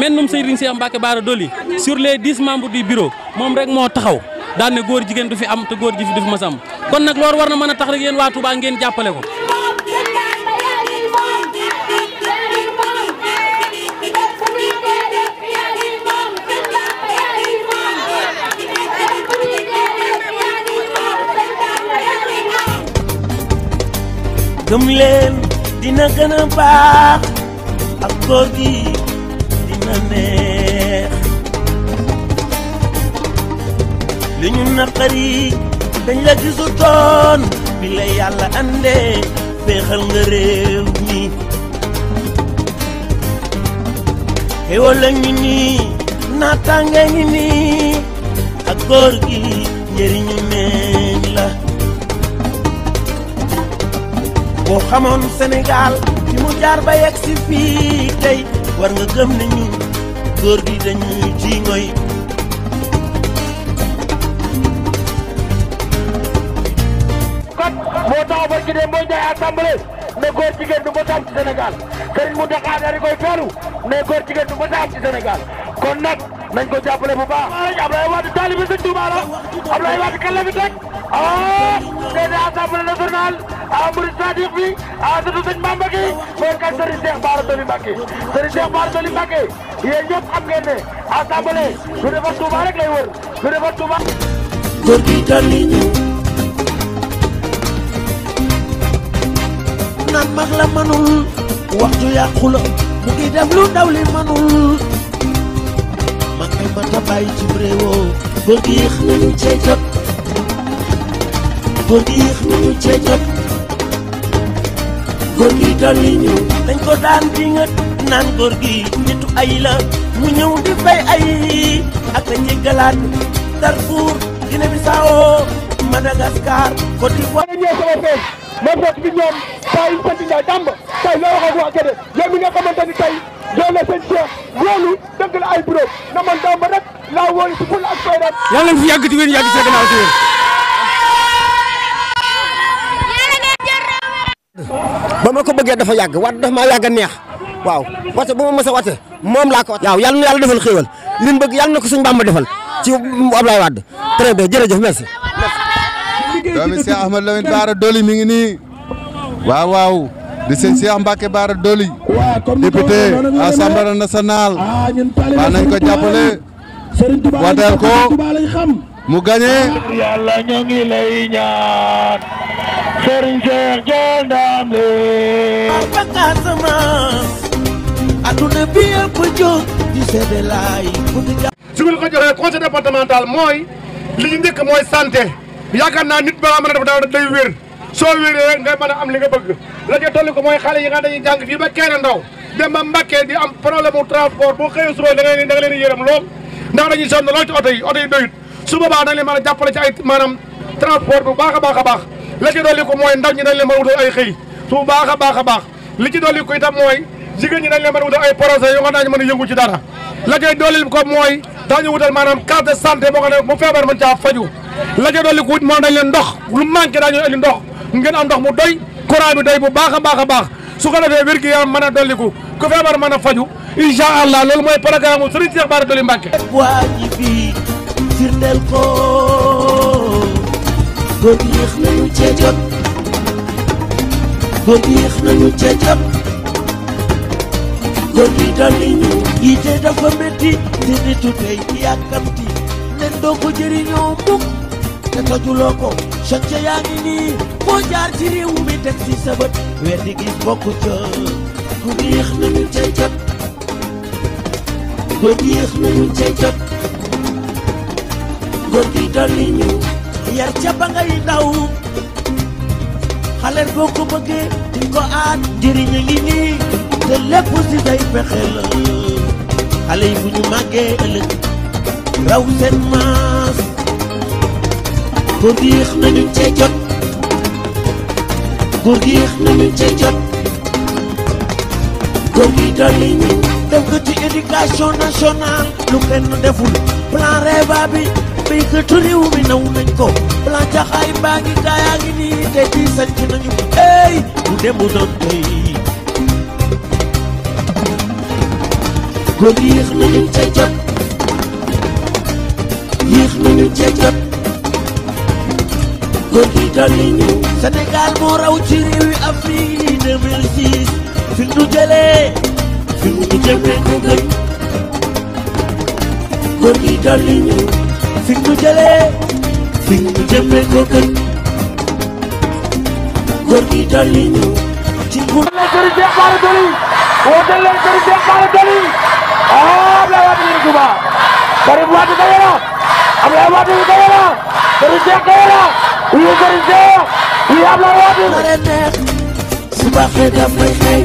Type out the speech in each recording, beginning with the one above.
mennum Serigne Cheikh Mbacke Bara Dolly sur les dix membres du buro moom rek moo taxaw daal góor jigéen du fi am te góor ji fi du fi mas am kon nag loolu war na mën a tax rek yéen waa Touba ngeen jàppale ko. gëm leen dina gën a baax ak góor gi na neex li ñu naqari dañ la gisutoon bi yàlla andee féexal nga réew mi xéwal la ñu nii naataange ngi nii góor gi njëriñu meeñ la boo xamoon Sénégal fi mu jaar ba yegg si fii tey war nga gëm ne ñu góor gi dañuy ji ngoy kon moo tax ba ci dem boo jaay assemblée ne góor jigéen du mës a am ci Sénégal Serigne Mountakha daal di koy feelu ne góor jigéen du mës a am ci Sénégal kon nag nañ ko jàppale bu baax. Abdoulaye Wade taalibe Sëñ Tuubaa la Abdoulaye Wade kan la fi teg ah déedéet assemblée nationale. ah murid sadiq bi ah dëddu sëñ Bamba gi mooy kan Serigne Cheikh Bara Doli Mbacké Serigne Cheikh Bara Doli Mbacké xam ngeen ne assemblée lu defar Touba rek lay wër lu defar Touba. góor gi dolli ñu manul wax ju yàqu la mu ngi def a bàyyi nañu cee jot góor nañu cee góor gi doon yi ñëw dañ ko daan di nga naan góor gi nitu ay la mu ñëw di fay ay ak a njëggalaat Darfour Guinée Bissau Madagascar Côte d'Ivoire. ñëw sama fees man boog bi ñoom saa yu sant Ndiaye Tamba tey loo wax ak waa Kédé yow mi nga tey doon na seen Cheikh wóolu dëgg la ay bureau na man Tamba rek laa wóolu si ful ak fayda. yàlla na fi yàgg ci wér yàgg ci gannaaw ci mbëggee dafa yàgg waat dafa maa yàgg a neex waaw wate bu ma mës a wate moom laa ko wate waaw yàlla na yàlla defal xéewal li mu bëgg yàlla na ko suñu Bàmba defal ci Ablaye Wade très bien jërëjëf merci doomi Cheikh Ahmed Lamine Bara Dolly mi ngi nii waaw waaw di sëñ Cheikh Mbacke Bara Dolly député Assemblée nationale waa nañ ko jàppale wateel ko mu gagné. yàlla ñoo ngi lay ñaan. Serigne Cheikh jël ndam li. ba Casamance. adduna bi yëpp jóg. di seede laay. su ngeen ko joxee conseil départemental mooy. li ñu ndekk mooy santé. yaakaar naa nit balaa mën a def daaw day wér. soo wéree nga mën a am li nga bëgg. la ca toll ko mooy xale yi nga dañuy jàng fii ba kenn ndaw. dem ba Mbàkke di am problème mu transport boo xëyee suba da nga leen leen yërëm lool. ndax dañuy sonn lool ci oto yi oto yi doyut. su boobaa dañ leen mën a jàppale ci ay maanaam transport bu baax a baax a baax la ci ko mooy ndaw ñi dañ leen mën a wutal ay xëy su baax a baax a baax li ci dolli ko itam mooy jigéen ñi dañ leen mën a wutal ay projet yoo nga daañu mën a yëngu ci dara la ci dolli ko mooy daañu wutal maanaam carte de santé boo xam ne mu feebar mën caa faju la ca dolli ko wut moom dañ leen ndox lu manqué daañu indi ndox ngeen a ndox mu doy courant bi doy bu baax a baax a baax su ko defee wér a dolliku ku feebar mën a faju incha allah loolu mooy programme Serigne Cheikh Bara Doli Mbacké firndeel ko bët yéex nañu cee jot bët yéex nañu cee jot góor gi dali ñu yite dafa métti te nitu tey yàkkamti nen doo ko jëriñoo mukk te tojuloo ko choc ca yaa ngi nii boo jaar ci réew mi teg ci sa bët weer di gis bokku ca góor yéex nañu cee jot bët yéex nañu cee jot góor gi dolli ñu yar ca ba ngay daw xale boo ko di ko aat jëriñ a ngi nii te si day fexe la bu ñu màggee ëllëg raw seen maas góor gi yéex nañu cee jot góor gi ñu def ko ci éducation nationale lu kenn deful plan REVA bi liggéeykat réew mi naw nañ ko plan jaxaay mbaa ngi gaayaa ngi nii tey jii sanc nañu ey bu dem bu doon tey góor yéex nañu ca jot yéex nañu ca jot góor gi dali ñu Sénégal moo raw ci réew yi Afrique 2006 fi ñu jëlee fi ñu jëmee ko gën góor gi dali ñu fi mu jëlee fi mu jëmee ko gën góor gi dolli ñu ci góor la kër Cheikh Bara Dolly woote leen kër Cheikh Bara Dolly ah Abdoulaye Wade ñu Touba Karim Wade dawe na Abdoulaye Wade dawe na kër Cheikh dawe na wii kër Cheikh wii Abdoulaye Wade ma leen neex suba xëy daf may xëy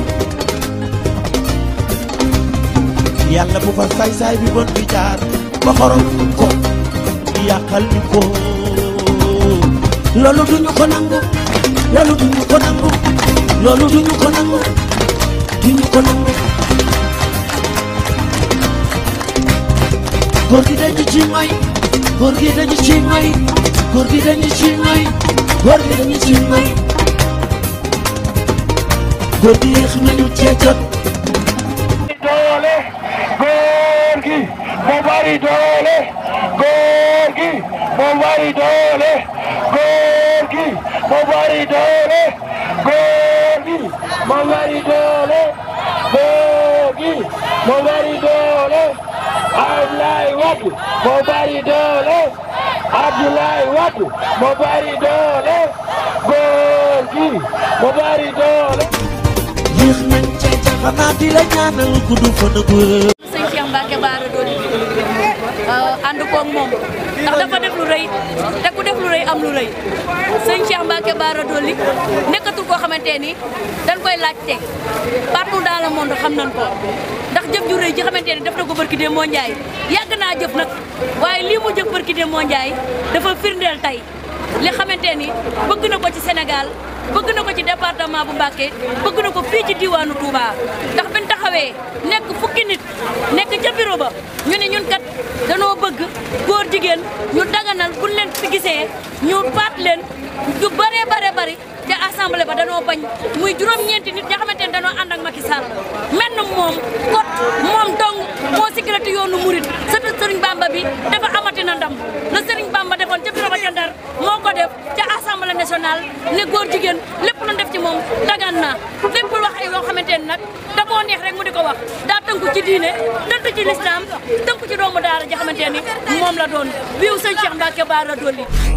yàlla bu fa say-say bi bon bi jaar ba xorom ko yàqal ñu ko loolu duñu ko nangu loolu duñu ko nangu loolu duñu ko nangu duñu ko nangu góor gi dañu ci may góor gi dañu ci may góor gi dañu ci may góor gi dañu ci may góor gi yéex nañu ceetat doole góor gi ba bari doole góor gi moo doole góor gi moo doole góor gi moo doole góor gi moo bari doole doole góor gi moo doole yéex nañ ci jaxanaat di la ñaanal gudd fan ak wér Euh, ànd koog moom ndax dafa def lu rëy te ku def lu rëy am lu rëy sëñ Cheikh Mbacke Bara Dolly nekkatul koo xamante ni dañ koy laajte partout dans le monde xam nañ ko ndax jëf ju rëy ji xamante ni na ko barki dee moo njaay yàgg naa jëf nag waaye lii mu jëf barki dee moo njaay dafa firndeel tey li xamante ni bëgg na ko ci Sénégal bëgg na ko ci département bu Mbacke bëgg na ko fii ci diwaanu Touba taxawee nekk fukki nit nekk ca bureau ba ñu ne ñun kat danoo bëgg góor jigéen ñu daganal buñ leen fi gisee ñu baat leen du bëree bare bëri te assemblée ba danoo bañ muy juróom-ñeenti nit ñoo xamante ne danoo ànd ak Macky Sall mel na moom kot moom dong moo sécurité yoonu murit sëtu Serigne Bamba bi dafa amati na ndam la Serigne Bamba defoon ca ba ca moo ko ca assemblée nationale ne góor jigéen lépp lu def ci moom dagan naa capitaine nag da koo neex rek mu di ko wax daa tënku ci diine tënku ci lislaam tënku ci doomu daara ja xamante ni moom la doon biiw sëñ Cheikh Mbacke Bara Dolly